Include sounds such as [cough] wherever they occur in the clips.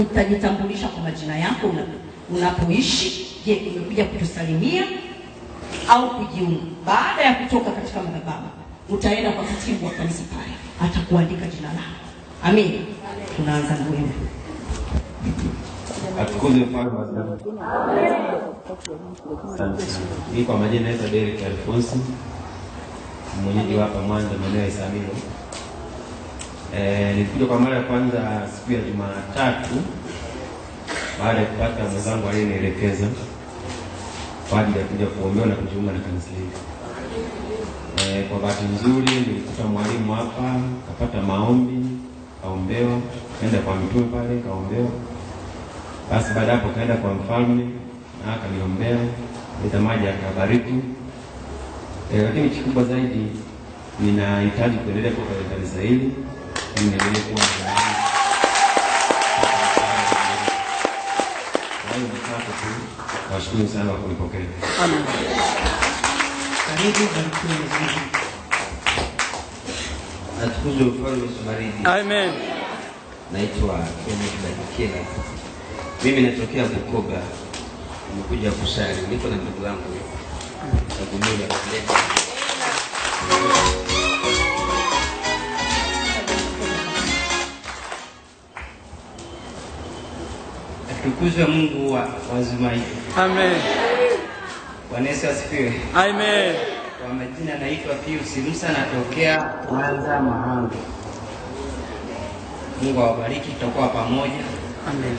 utajitambulisha kwa majina yako unapoishi. Je, umekuja kutusalimia au kujiunga? Baada ya kutoka katika madhabahu, utaenda kwa katibu wa kanisa pale, atakuandika jina lako. Amin. Tunaanza na wewe. Atukuzwe mfalme wa Asante. kwa majina naitwa Derek Alfonso, mwenyeji hapa Mwanza, maeneo ya Isamilo. Eh, nilikuja kwa mara ya kwanza siku ya Jumatatu baada ya kupata mwenzangu aliyenielekeza kwa ajili ya kuja kuombewa na kujiunga na kanisa hili. E, eh, kwa bahati nzuri nilikuta mwalimu hapa, kapata maombi, kaombewa, kaenda kwa mtume pale, kaombewa. Basi baada hapo kaenda kwa mfalme na akaniombea, leta maji akabariki. E, lakini kikubwa zaidi ninahitaji kuendelea kwa kanisa hili niendelee kuwa Nashukuru sana kunipokea. Karibu barikiwe ufalme wa Amen. Naitwa Kenneth Dakikela. Mimi natokea Bukoba. Nimekuja kusali. Niko na ndugu yangu. Ndugu yangu. Atukuzwe Mungu wa wazumaji. Amen. Bwana Yesu asifiwe. Amen. Kwa majina naitwa Pius Musa natokea Mwanza Mahangu. Mungu awabariki, tutakuwa pamoja. Amen.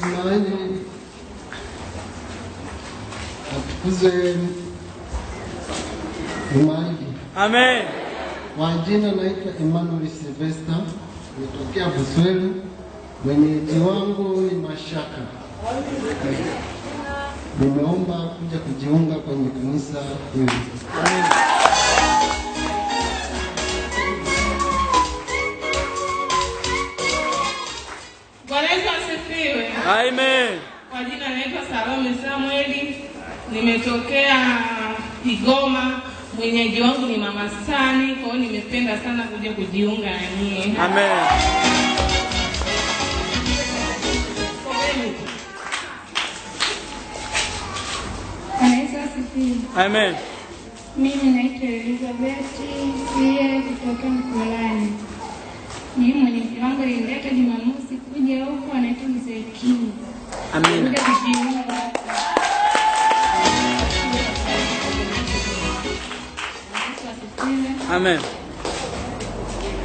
Tumaini atukuzwe Mungu. Amen. Kwa jina naitwa Emmanuel Sylvester, nitokea Busweli. Mwenyeji wangu ni Mashaka. Nimeomba kuja kujiunga kwenye kanisa hili. Amen. Kwa jina naitwa Salome Samueli, nimetokea Kigoma mwenyeji wangu ni mama Sani, kwa hiyo nimependa sana kuja kujiunga na nyie. Amen. Amen. Mimi naitwa Elizabeth sie kutoka Mkolani. Mimi mwenyeji wangu alileta Jumamosi kuja huku, anaitwa Mzee King. Amen. Amen.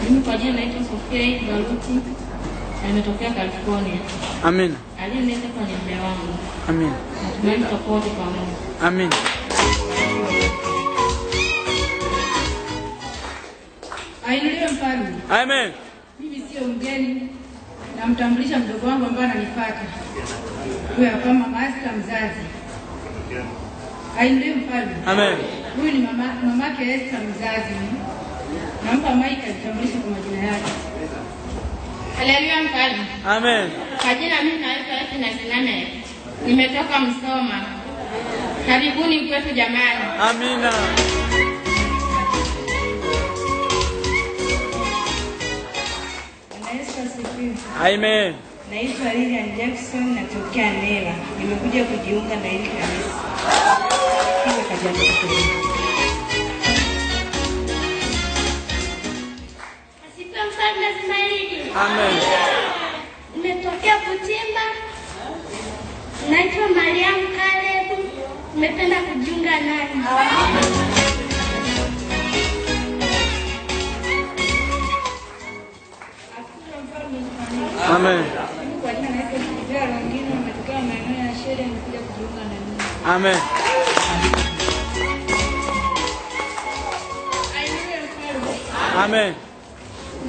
Mimi kwa jina naitwa Sofia Ivaluti nimetokea California. Amen. Aliyenileta hapa ni mume Amen. Natumaini tutakuwa wote pamoja. Amen. Ainuliwe mfalme. Amen. Mimi sio mgeni, namtambulisha mdogo wangu ambaye ananifuata huyo, kama master mzazi. Ainuliwe mfalme. Amen huyu ni mama mamake Esther mzazi. Nampa mic ajitambulishe kwa majina yake. Haleluya mkali. Amen. Majina mimi naitwa Esther na Siname. Nimetoka Msoma. Karibuni kwetu jamani. Amina. Amen. Naitwa Lilian Jackson natokea Nela. Nimekuja kujiunga na hili kanisa. Asifiwe mfalme Ismaili. Amen. Nimetokea Butimba, naitwa Mariamu Kalebu, nimependa kujiunga nanyi. Amen. Amen. Amen.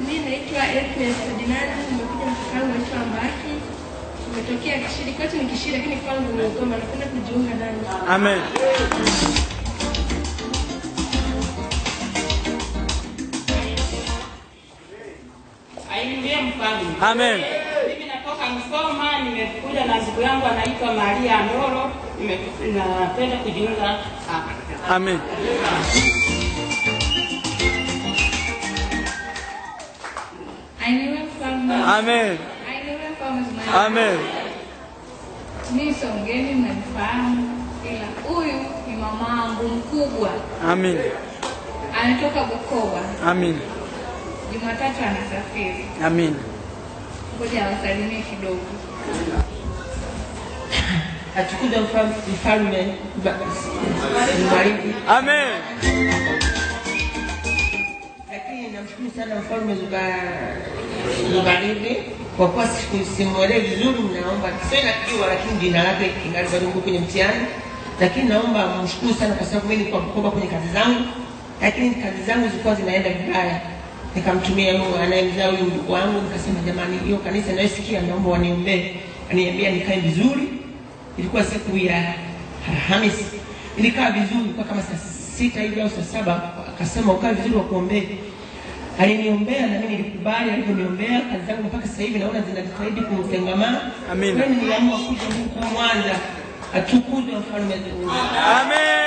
Mimi naitwa Elfnes Ferdinand, nimekuja mtoto Kishiri, kwetu ni Kishiri lakini kwangu ni Ngoma. Napenda kujiunga nani. Amen. mfalme. Amen. Mimi natoka Msoma, nimekuja na ndugu yangu anaitwa Maria Ndoro. kujiunga hapa. Amen. I never found my Amen. I never found my Amen. Nisongeni mnanifahamu ila huyu ni mama yangu mkubwa. Amen. Anatoka Bukoba. Amen. Jumatatu anasafiri. Amen. Ngoja awasalimie kidogo. [coughs] Atakuja mfalme Amen. Amen. Amen namshukuru sana Mfalme Zumaridi kwa kuwa simuelewe vizuri, naomba si najua, lakini jina lake kingali bado kwenye mtihani, lakini naomba mshukuru sana kwa sababu mimi nilikuwa mkoba kwenye kazi zangu, lakini kazi zangu zilikuwa zinaenda vibaya. Nikamtumia huyu anayemzaa huyu ndugu wangu, nikasema jamani, hiyo kanisa naisikia, naomba waniombee. Aniambia nikae vizuri. Ilikuwa siku ya Alhamisi, nilikaa vizuri mpaka kama saa sita hivi au saa saba, akasema ukae vizuri, wakuombee aliniombea na mimi nilikubali alivyoniombea. Kazi zangu mpaka sasa hivi naona zinajitahidi kumtengamaa. Amina. Niliamua kuja huku Mwanza atukuzwe mfalme. Amen.